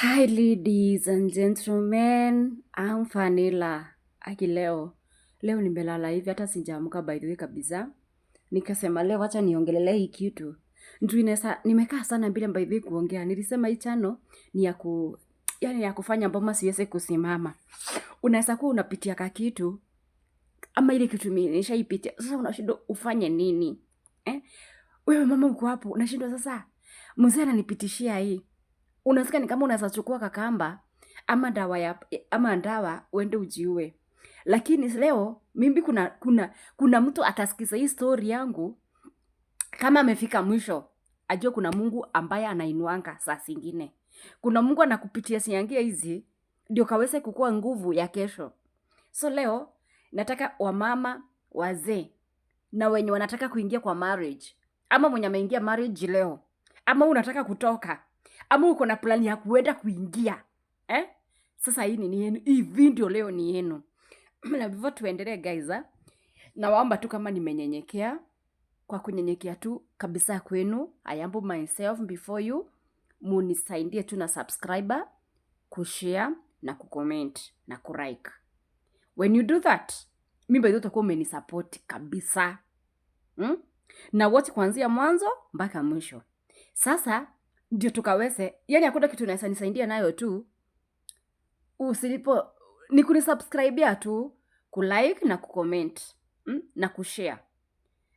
Hi, ladies and gentlemen, I'm Vanilla. Aki leo leo nimelala hivi hata sijaamka by the way kabisa, nikasema leo acha niongelele hii kitu ndio inaweza. Nimekaa sana bila by the way kuongea. Nilisema hii chano ni ya ku yani ya kufanya mboma siweze kusimama. Unaweza kuwa unapitia ka kitu ama ile kitu mimi nishaipitia, sasa unashindwa ufanye nini eh? Wewe mama uko hapo unashindwa sasa, mzee ananipitishia hii unasika ni kama unaweza chukua kakamba ama dawa ya ama dawa uende ujiue. Lakini leo mimi kuna kuna kuna mtu atasikiza hii story yangu kama amefika mwisho, ajue kuna Mungu ambaye anainuanga saa zingine. Kuna Mungu anakupitia siangia hizi ndio kaweze kukua nguvu ya kesho. So leo nataka wamama, wazee na wenye wanataka kuingia kwa marriage ama mwenye ameingia marriage leo ama unataka kutoka ama uko na plani ya kuenda kuingia eh? Sasa hii ni yenu, hii video leo ni yenu na vivyo tuendelee guys, ah, na waomba tu kama nimenyenyekea, kwa kunyenyekea tu kabisa kwenu, I humble myself before you, munisaidie tu na subscriber, kushare na kucomment na kulike. When you do that, mimi bado utakuwa umenisupport kabisa hmm? na wote kuanzia mwanzo mpaka mwisho sasa ndio tukaweze yani hakuna kitu naweza nisaidia nayo tu usilipo ni kunisubscribia tu kulike na kucomment mm? na kushare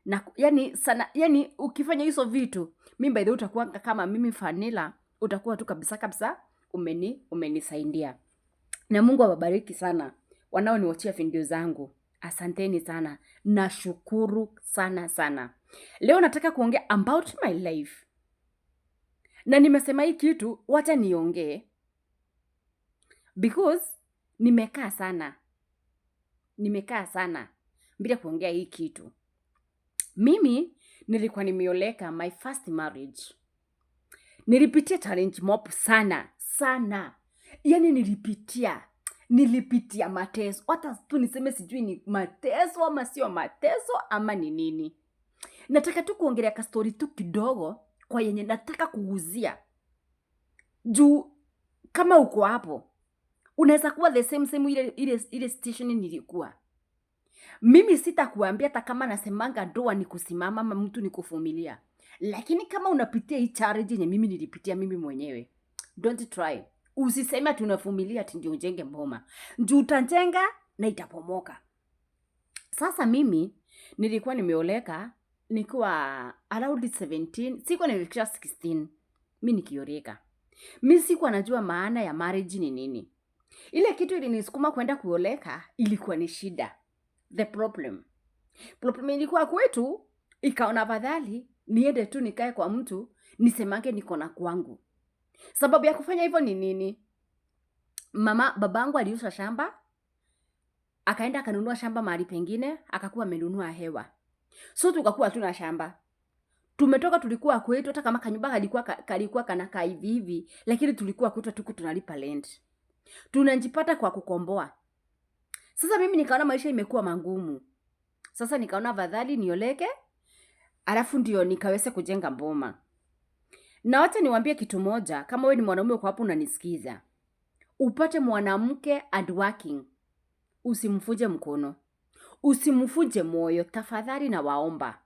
na yani sana yani ukifanya hizo vitu mi baidhe utakuwa kama mimi fanila utakuwa tu kabisa kabisa umeni umenisaidia na mungu awabariki sana wanaoniwachia video zangu asanteni sana nashukuru sana sana leo nataka kuongea about my life na nimesema hii kitu wacha niongee because nimekaa sana, nimekaa sana bila kuongea hii kitu. Mimi nilikuwa nimeoleka my first marriage, nilipitia challenge mop sana sana, yani nilipitia nilipitia mateso, hata tu niseme sijui ni mateso ama sio mateso ama ni nini. Nataka tu kuongelea kastori tu kidogo kwa yenye nataka kuuzia juu kama uko hapo unaweza kuwa the same same ile, ile, ile station nilikuwa mimi sitakuambia hata kama nasemanga ndoa ni kusimama ama mtu ni kuvumilia lakini kama unapitia hii challenge yenye mimi nilipitia mimi mwenyewe don't try usiseme ati tunavumilia ati ndio ujenge mboma juu utajenga na itapomoka sasa mimi nilikuwa nimeoleka nikiwa around 17 sikuwa nimefikisha 16 mi nikioreka mi sikuwa najua maana ya marriage ni nini ile kitu ilinisukuma kwenda kuoleka ilikuwa ni shida the problem problem ilikuwa kwetu ikaona afadhali niende tu nikae kwa mtu nisemange niko na kwangu sababu ya kufanya hivyo ni nini mama babangu aliuza shamba akaenda akanunua shamba mahali pengine akakuwa amenunua hewa so tukakuwa tuna shamba tumetoka tulikuwa kwetu, hata kama kanyumba kalikuwa kalikuwa kana ka hivi hivi, lakini tulikuwa kwetu, tuku tunalipa land, tunajipata kwa kukomboa. Sasa mimi nikaona maisha imekuwa mangumu, sasa nikaona afadhali nioleke, alafu ndio nikaweze kujenga mboma. Na wacha niwaambie kitu moja, kama wewe ni mwanaume kwa hapo unanisikiza, upate mwanamke and working, usimfuje mkono usimvunje moyo tafadhali na waomba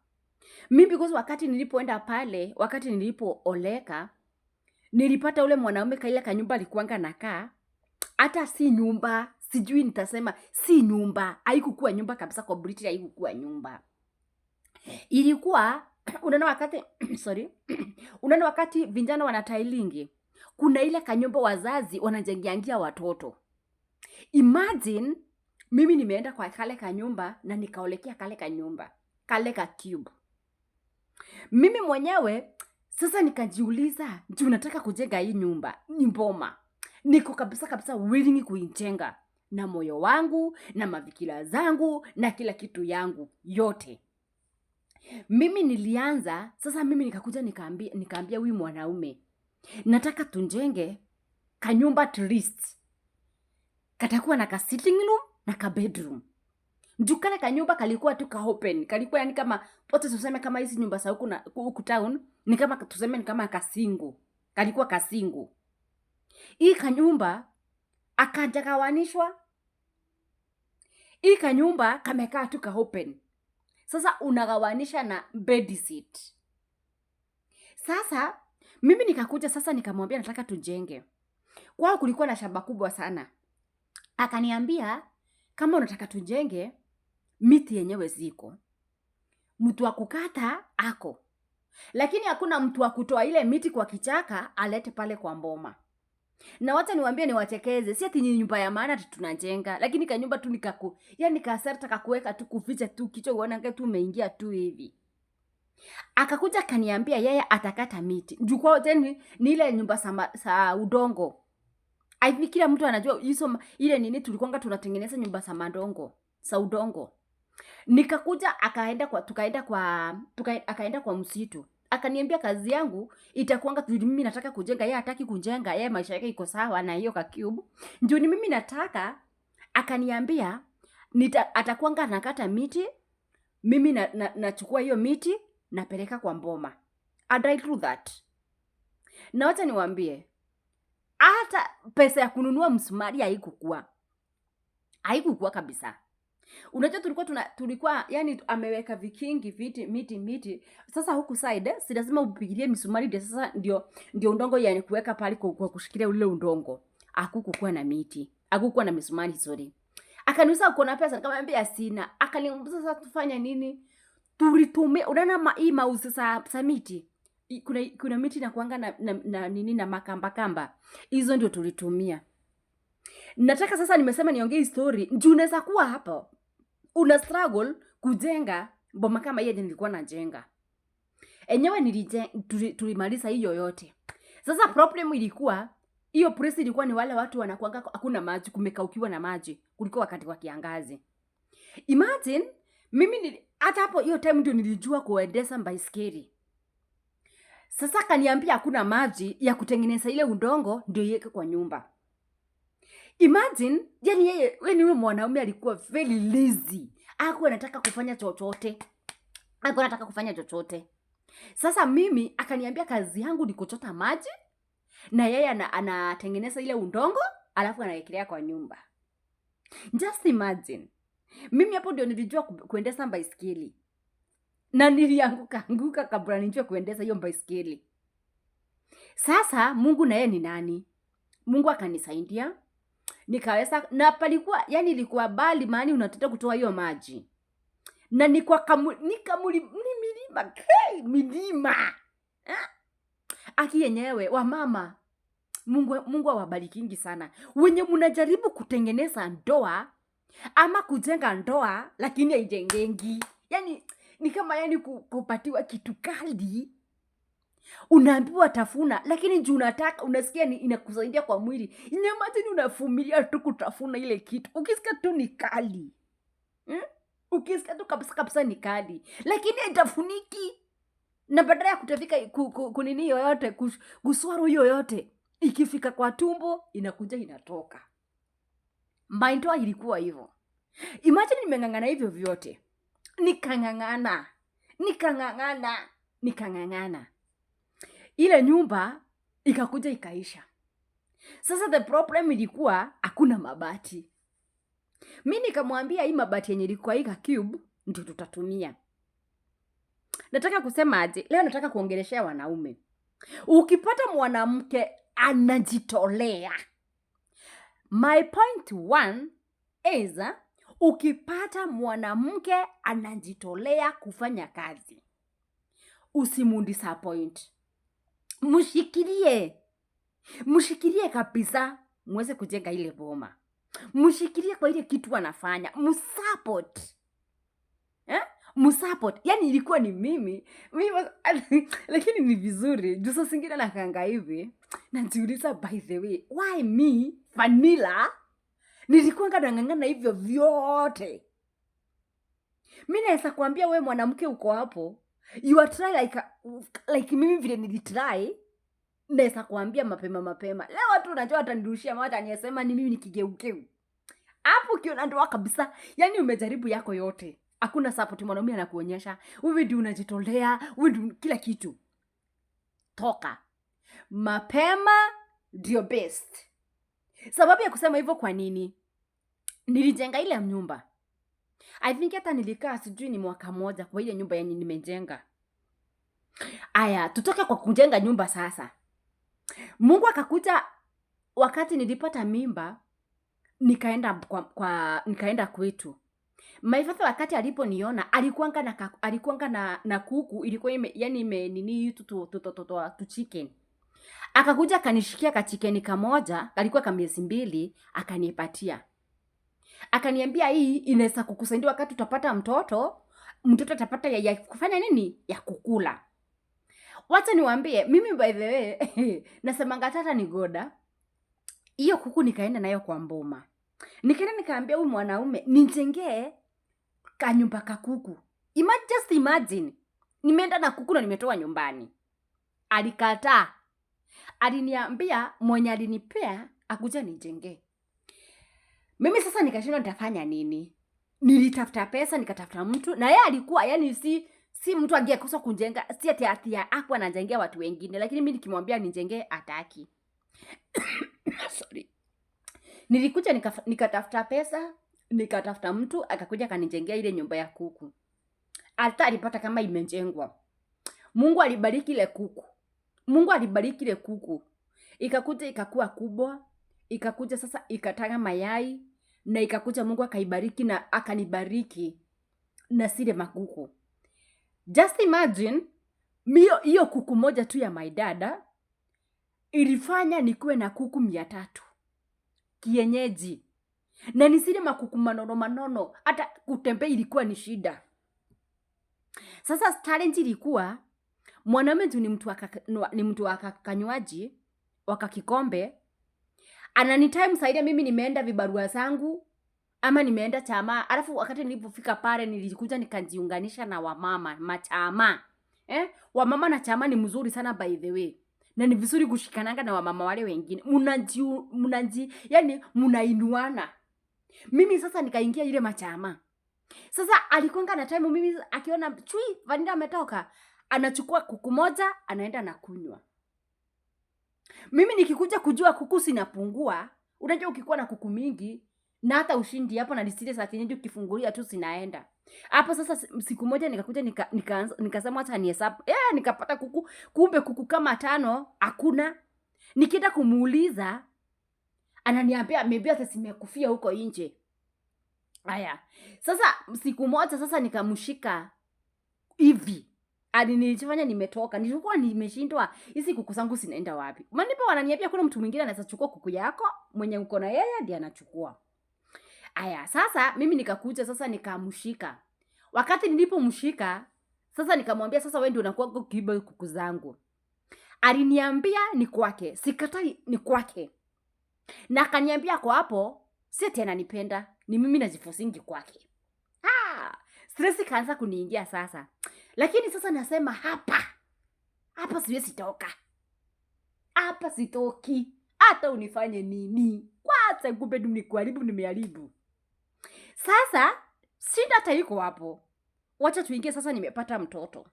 mi because wakati nilipoenda pale wakati nilipooleka nilipata ule mwanaume kaila kanyumba likuanga nakaa hata si nyumba sijui nitasema si nyumba aikukua nyumba kabisa kwa british haikukuwa nyumba ilikuwa unaona wakati sorry unaona wakati vijana wanatailingi kuna ile kanyumba wazazi wanajengiangia watoto imagine mimi nimeenda kwa kale kanyumba na nikaolekea kale kanyumba kale ka cube. Mimi mwenyewe sasa nikajiuliza, juu nataka kujenga hii nyumba mboma, niko kabisa kabisa willing kuijenga na moyo wangu na mavikila zangu na kila kitu yangu yote. Mimi nilianza sasa, mimi nikakuja nikaambia, nikaambia huyu mwanaume nataka tunjenge kanyumba at katakuwa na ka sitting room na ka bedroom juu kale kanyumba kalikuwa tu ka open kalikuwa yani kama pote tuseme kama hizi nyumba za huku na huku town ni kama tuseme ni kama kasingu kalikuwa kasingu hii kanyumba akaja kawanishwa hii kanyumba kamekaa tu ka open sasa unagawanisha na bed seat sasa mimi nikakuja sasa nikamwambia nataka tujenge kwao kulikuwa na shamba kubwa sana akaniambia kama unataka tujenge, miti yenyewe ziko, mtu wa kukata ako, lakini hakuna mtu wa kutoa ile miti kwa kichaka alete pale kwa mboma. Na wacha niwaambie, niwachekeze, si ati nyumba ya maana tunajenga, lakini kanyumba tu nikaku, yani kasarta kakuweka tu kuficha tu kicho uone tu umeingia tu hivi akakuja kaniambia yeye atakata miti jukwao teni ni ile nyumba sa udongo I kila mtu anajua hizo ile nini tulikwanga tunatengeneza nyumba za madongo, za udongo. Nikakuja akaenda kwa tukaenda kwa tuka, akaenda kwa msitu. Akaniambia kazi yangu itakuanga mimi nataka kujenga, yeye hataki kujenga, yeye maisha yake iko sawa na hiyo kakiubu. Ndio ni mimi nataka akaniambia nita, atakuanga nakata miti, mimi na, na, nachukua hiyo miti napeleka kwa mboma. And I do that. Na wacha niwaambie hata pesa ya kununua msumari haikukua, haikukua kabisa. Unajua tulikuwa tuna, tulikuwa yani ameweka vikingi viti miti miti. Sasa huku side si lazima upigilie misumari ndio sasa ndio ndio undongo yani kuweka pale kwa kushikilia ule undongo. Akukukua na miti. Hakukuwa na misumari sorry. Akaniuliza uko na pesa, nikamwambia sina. Akaniuliza sasa tufanya nini? Tulitumia unaona hii mauzi za miti kuna kuna miti nakuanga na, na, na nini na makambakamba hizo ndio tulitumia. Nataka sasa, nimesema niongee story juu unaweza kuwa hapo una struggle kujenga boma kama hiyo nilikuwa najenga enyewe, tulimaliza hiyo yote. Sasa problem ilikuwa hiyo press ilikuwa ni wale watu wanakuanga hakuna maji, kumekaukiwa na maji kulikuwa wakati wa kiangazi. Imagine mimi hata hapo hiyo time ndio nilijua kuendesa baiskeli sasa kaniambia hakuna maji ya kutengeneza ile udongo ndio iweke kwa nyumba. Imagine, yani yeye wewe ni mwanaume alikuwa very lazy. Hakuwa anataka kufanya chochote. Hakuwa anataka kufanya chochote. Sasa mimi akaniambia kazi yangu ni kuchota maji na yeye anatengeneza ile udongo alafu anaekelea kwa nyumba. Just imagine. Mimi hapo ndio nilijua kuendesa baisikeli na nilianguka anguka kabla nijue kuendesa hiyo baiskeli. Sasa Mungu naye ni nani? Mungu akanisaidia nikaweza, na palikuwa yani, ilikuwa bali maani unateta kutoa hiyo maji, na nikwakamulimilima milima ah! aki yenyewe wa mama Mungu, Mungu awabarikingi sana wenye munajaribu kutengeneza ndoa ama kujenga ndoa lakini aijengengi yani ni kama yani kupatiwa kitu kali unaambiwa tafuna, lakini juu unataka unasikia ni inakusaidia kwa mwili. nyamatini unafumilia tu kutafuna ile kitu, ukisikia tu ni kali hmm? Ukisikia tu kabisa kabisa ni kali, lakini aitafuniki na badala ya kutafika kunini yoyote kuswaru yoyote, ikifika kwa tumbo inakuja inatoka. Maintoa ilikuwa hivyo. imajini nimeng'ang'ana hivyo vyote nikang'ang'ana, nikang'ang'ana, nikang'ang'ana, ile nyumba ikakuja ikaisha. Sasa the problem ilikuwa hakuna mabati. Mi nikamwambia hii mabati yenye ilikuwa hii cube ndio tutatumia. Nataka kusema aje? Leo nataka kuongeleshea wanaume. Ukipata mwanamke anajitolea, my point one is Ukipata mwanamke anajitolea kufanya kazi, usimudisappoint, mshikilie, mshikilie kabisa, muweze kujenga ile boma, mshikilie kwa ile kitu anafanya, msupport eh? Msupport. Yani ilikuwa ni mimi, lakini ni vizuri juu nakanga hivi najiuliza, by the way why me vanilla Nilikuwa ngang'ang'ana hivyo vyote. Mi naweza kuambia we mwanamke uko hapo, you are try like, like mimi vile nilitry. Naweza kuambia mapema mapema, leo watu unajua watanirushia mawa, wataniesema ni mimi nikigeukeu hapo, ukiona ndoa kabisa, yani umejaribu yako yote, hakuna sapoti mwanaume anakuonyesha, wewe ndio unajitolea, wewe ndio kila kitu. Toka mapema ndio best. Sababu ya kusema hivyo kwa nini? nilijenga ile nyumba. I think hata nilikaa sijui ni mwaka moja kwa ile nyumba yenye nimejenga. Aya, tutoke kwa kujenga nyumba sasa. Mungu akakuta wakati nilipata mimba nikaenda kwa, kwa nikaenda kwetu. maifatha wakati aliponiona alikuanga na alikuanga na, na kuku ilikuwa ime, yani ime nini tutu tu tutu, tutu chicken. Akakuja akanishikia kachikeni kamoja, alikuwa kamiezi mbili akanipatia akaniambia hii inaweza kukusaidia wakati utapata mtoto, mtoto atapata ya, ya kufanya nini ya kukula. Wacha niwambie mimi, by the way nasemanga tata ni goda. Hiyo kuku nikaenda nayo kwa mboma, nikaenda nikaambia huyu mwanaume nijengee kanyumba kakuku. Imagine, just imagine, nimeenda na kuku na nimetoa nyumbani. Alikataa, aliniambia mwenye alinipea akuja nijengee mimi sasa nikashindwa nitafanya nini? Nilitafuta pesa, nikatafuta mtu na yeye alikuwa yani si si mtu angekosa kunjenga si ati ati aku anajengea watu wengine, lakini mimi nikimwambia nijengee ataki. Sorry. Nilikuja nika, nikatafuta pesa, nikatafuta mtu akakuja akanijengea ile nyumba ya kuku. Hata alipata kama imejengwa. Mungu alibariki ile kuku. Mungu alibariki ile kuku. Ikakuja ikakuwa kubwa, ikakuja sasa ikataga mayai na ikakuja mungu akaibariki na akanibariki na sile makuku just imagine mio hiyo kuku moja tu ya my dada ilifanya nikuwe na kuku mia tatu kienyeji na nisile makuku manono manono hata kutembea ilikuwa ni shida sasa challenge ilikuwa mwanaume ni mtu akakanywaji waka kikombe ananitime saidia mimi nimeenda vibarua zangu ama nimeenda chama. Alafu wakati nilipofika pale nilikuja nikajiunganisha na wamama machama. Eh? Wamama na chama ni mzuri sana by the way. Na ni vizuri kushikananga na wamama wale wengine. Mnaji mnaji yani mnainuana. Mimi sasa nikaingia ile machama. Sasa alikonga na time mimi akiona chui Vanilla ametoka, anachukua kuku moja anaenda na kunywa mimi nikikuja kujua kuku sinapungua. Unajua, ukikuwa na kuku mingi na hata ushindi hapo na disile za kienyeji ukifungulia tu zinaenda hapo. Sasa siku moja nikakuja nika, nikaanza nikasema hata nihesabu eh, nikapata kuku, kumbe kuku kama tano hakuna. Nikienda kumuuliza ananiambia mebia hata zimekufia huko nje. Haya, sasa siku moja sasa nikamshika hivi adi nilichofanya nimetoka, nilikuwa nimeshindwa hizi kuku zangu zinaenda wapi? manipo wananiambia kuna mtu mwingine anaweza chukua kuku yako mwenye uko na yeye ndiye anachukua. Aya, sasa mimi nikakuja sasa nikamshika. Wakati nilipomshika sasa nikamwambia sasa wewe ndio unakuwa kiba kuku zangu. Aliniambia ni kwake, sikatai ni kwake. Na akaniambia kwa hapo si tena nipenda ni mimi najifosingi kwake. Ah, stress kaanza kuniingia sasa. Lakini sasa nasema hapa hapa siwezi toka, hapa sitoki, hata unifanye nini. Kwanza kumbe ni nimeharibu. Sasa shida hata iko hapo. Wacha tuingie sasa, nimepata mtoto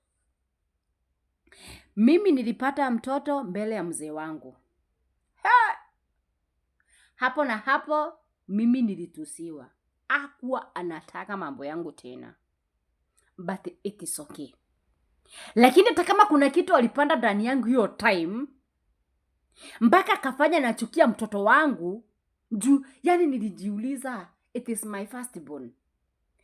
mimi nilipata mtoto mbele ya mzee wangu ha! Hapo na hapo mimi nilitusiwa, akuwa anataka mambo yangu tena but it is okay. Lakini hata kama kuna kitu alipanda ndani yangu hiyo time mpaka akafanya nachukia mtoto wangu juu, yani nilijiuliza, it is my firstborn,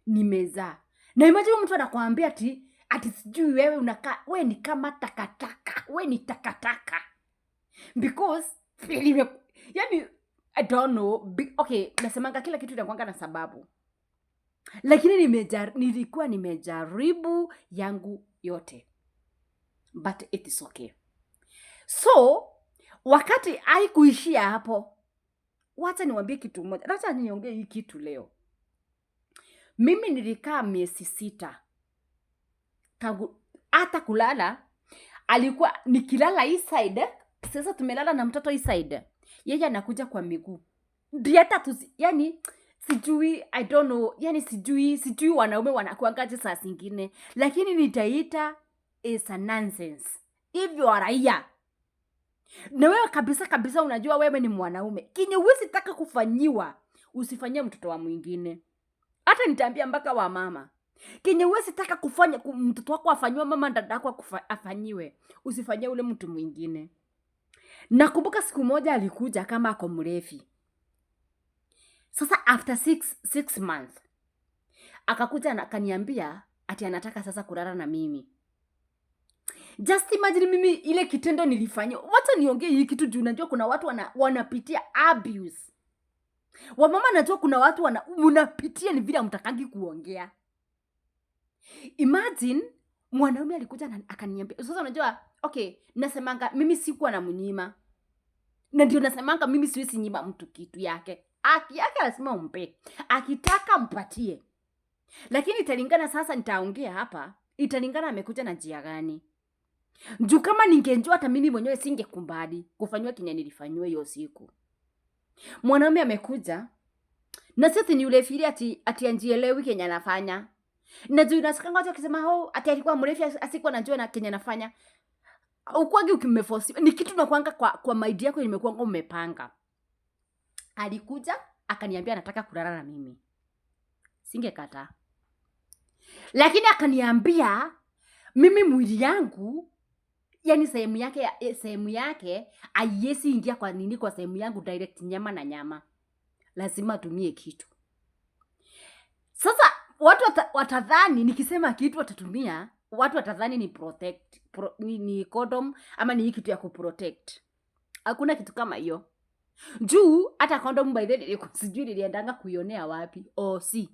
nimezaa na imagine mtu anakuambia ati ati sijui wewe unakaa we ni kama takataka, we ni takataka because yani I don't know. okay, nasemanga kila kitu inakwanga na sababu lakini nimejar, nilikuwa nimejaribu yangu yote but it's okay. So wakati aikuishia hapo, wacha niwambie kitu moja, wacha niongee hii kitu leo. Mimi nilikaa miezi sita tangu hata kulala, alikuwa nikilala hii side. Sasa tumelala na mtoto hii side, yeye anakuja kwa miguu diatatu yani sijui i don't know yani sijui sijui wanaume wanakuangaje saa zingine lakini nitaita is a nonsense hivyo waraia na wewe kabisa kabisa unajua wewe ni mwanaume kinye huwezi kufanyiwa usifanyie mtoto wa mwingine hata nitaambia mpaka wa mama kenye huwezi kufanya mtoto wako afanyiwe mama dada yako afanyiwe usifanyie ule mtu mwingine nakumbuka siku moja alikuja kama ako mrefi sasa after six, six months akakuja akaniambia ati anataka sasa kurara na mimi. Just imagine mimi ile kitendo nilifanya. Wacha niongee hii kitu juu najua kuna watu wana, wanapitia abuse. Wamama, najua kuna watu wana, unapitia ni vile hamtakangi kuongea. Imagine mwanaume alikuja na akaniambia. Sasa unajua, okay, nasemanga mimi sikuwa na mnyima. Na ndio nasemanga mimi siwezi nyima mtu kitu yake. Haki yake lazima umpe, akitaka mpatie, lakini italingana sasa. Nitaongea hapa, italingana amekuja na njia gani juu. Kama ningenjua hata mimi mwenyewe singekumbali kufanywa kinye nilifanywa hiyo siku. Mwanaume amekuja na sisi ni ulefiri ati ati anjielewi kenya anafanya, na juu inasikanga watu wakisema oh, ati alikuwa mrefu asikuwa najua na kenya anafanya. Ukwangi ukimefosi ni kitu nakwanga kwa, kwa maidi yako imekuanga umepanga alikuja akaniambia anataka kulala na mimi, singekata lakini akaniambia mimi mwili yangu yani sehemu yake sehemu yake aiesi ingia kwa nini kwa sehemu yangu direct, nyama na nyama, lazima atumie kitu. Sasa watu watadhani nikisema kitu watatumia, watu watadhani ni protect, pro, ni, ni kodom ama ni hii kitu ya kuprotect. Hakuna kitu kama hiyo juu hata kondomu by the nilikuwa sijui niliendanga kuionea wapi oh, si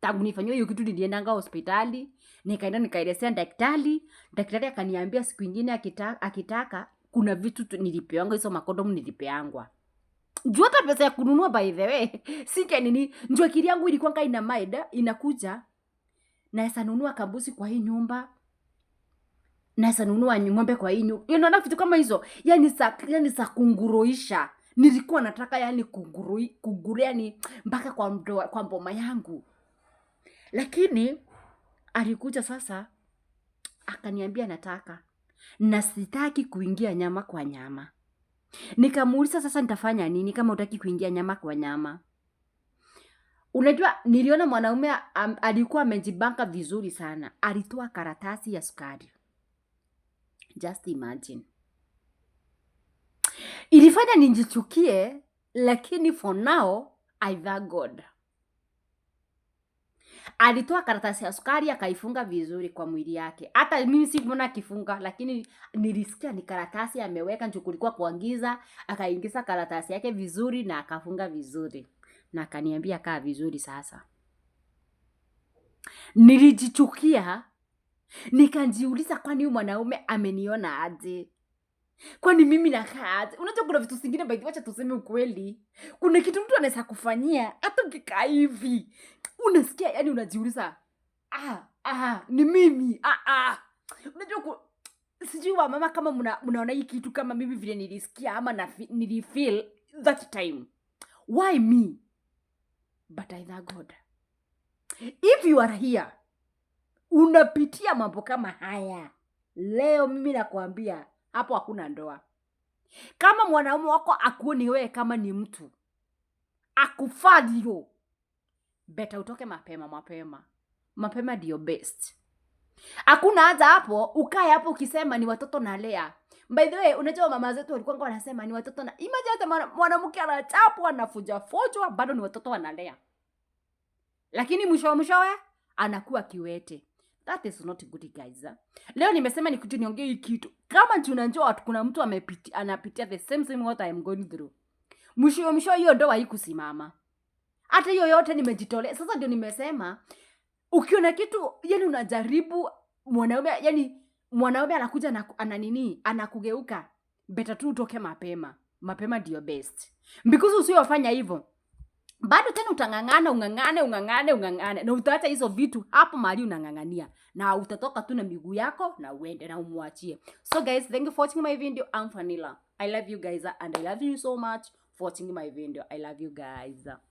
tangu nifanywa hiyo kitu niliendanga hospitali nikaenda nikaelezea daktari daktari akaniambia siku ingine akitaka, akitaka kuna vitu nilipeangwa hizo makondomu nilipeangwa juu hata pesa ya kununua by the way sike nini njua kiri yangu ilikwanga ina maida inakuja naweza nunua kabusi kwa hii nyumba naweza nunua ng'ombe kwa hii nyumba unaona vitu kama hizo yani za yani sa kunguruisha nilikuwa nataka yani kuguru, yani mpaka kwa, kwa mboma yangu, lakini alikuja sasa akaniambia nataka na sitaki kuingia nyama kwa nyama. Nikamuuliza sasa, nitafanya nini kama utaki kuingia nyama kwa nyama? Unajua, niliona mwanaume um, alikuwa amejibanka vizuri sana, alitoa karatasi ya sukari. Just imagine ilifanya nijichukie, lakini for now I thank God. Alitoa karatasi ya sukari akaifunga vizuri kwa mwili yake. Hata mimi sikuona akifunga, lakini nilisikia ni karatasi ameweka, ndio kulikuwa kuangiza, akaingiza karatasi yake vizuri na akafunga vizuri, na akaniambia kaa vizuri sasa. Nilijichukia, nikajiuliza kwani huyu mwanaume ameniona aje? Kwani mimi nakaa aje? Unajua kuna vitu zingine by wacha tuseme ukweli. Kuna kitu mtu anaweza kufanyia hata ukikaa hivi. Unasikia yani unajiuliza, ah ah ni mimi. Ah ah. Unajua ku... sijui wa mama kama mna, mnaona hii kitu kama mimi vile nilisikia ama na nilifeel that time. Why me? But I thank God. If you are here, unapitia mambo kama haya. Leo mimi nakwambia hapo hakuna ndoa. Kama mwanaume wako akuoni wewe kama ni mtu akufadio, beta utoke mapema mapema mapema, ndio best. Hakuna hata hapo ukae hapo ukisema ni watoto nalea. By the way, unajua mama zetu walikuwa wanasema ni watoto na imaji hata mwanamke anachapo anafuja bado ni watoto wanalea, lakini mwisho wa mwishowe anakuwa kiwete. That is not good guys. Leo nimesema nikuje niongee hii kitu. Kama tunajua watu kuna mtu amepitia anapitia the same same what I am going through. Mwisho mwisho hiyo ndoa haikusimama. Hata hiyo yote nimejitolea. Sasa ndio nimesema ukiona kitu yani unajaribu mwanaume yani mwanaume anakuja na ana nini anakugeuka. Better tu utoke mapema. Mapema ndio best. Because usiyofanya hivyo bado tena utang'ang'ana ung'ang'ane ung'ang'ane ung'ang'ane na utaacha hizo vitu hapo mali unang'ang'ania na utatoka tu na miguu yako na uende na umwachie so guys thank you for watching my video I'm Vanilla I love you guys and I love you so much for watching my video I love you guys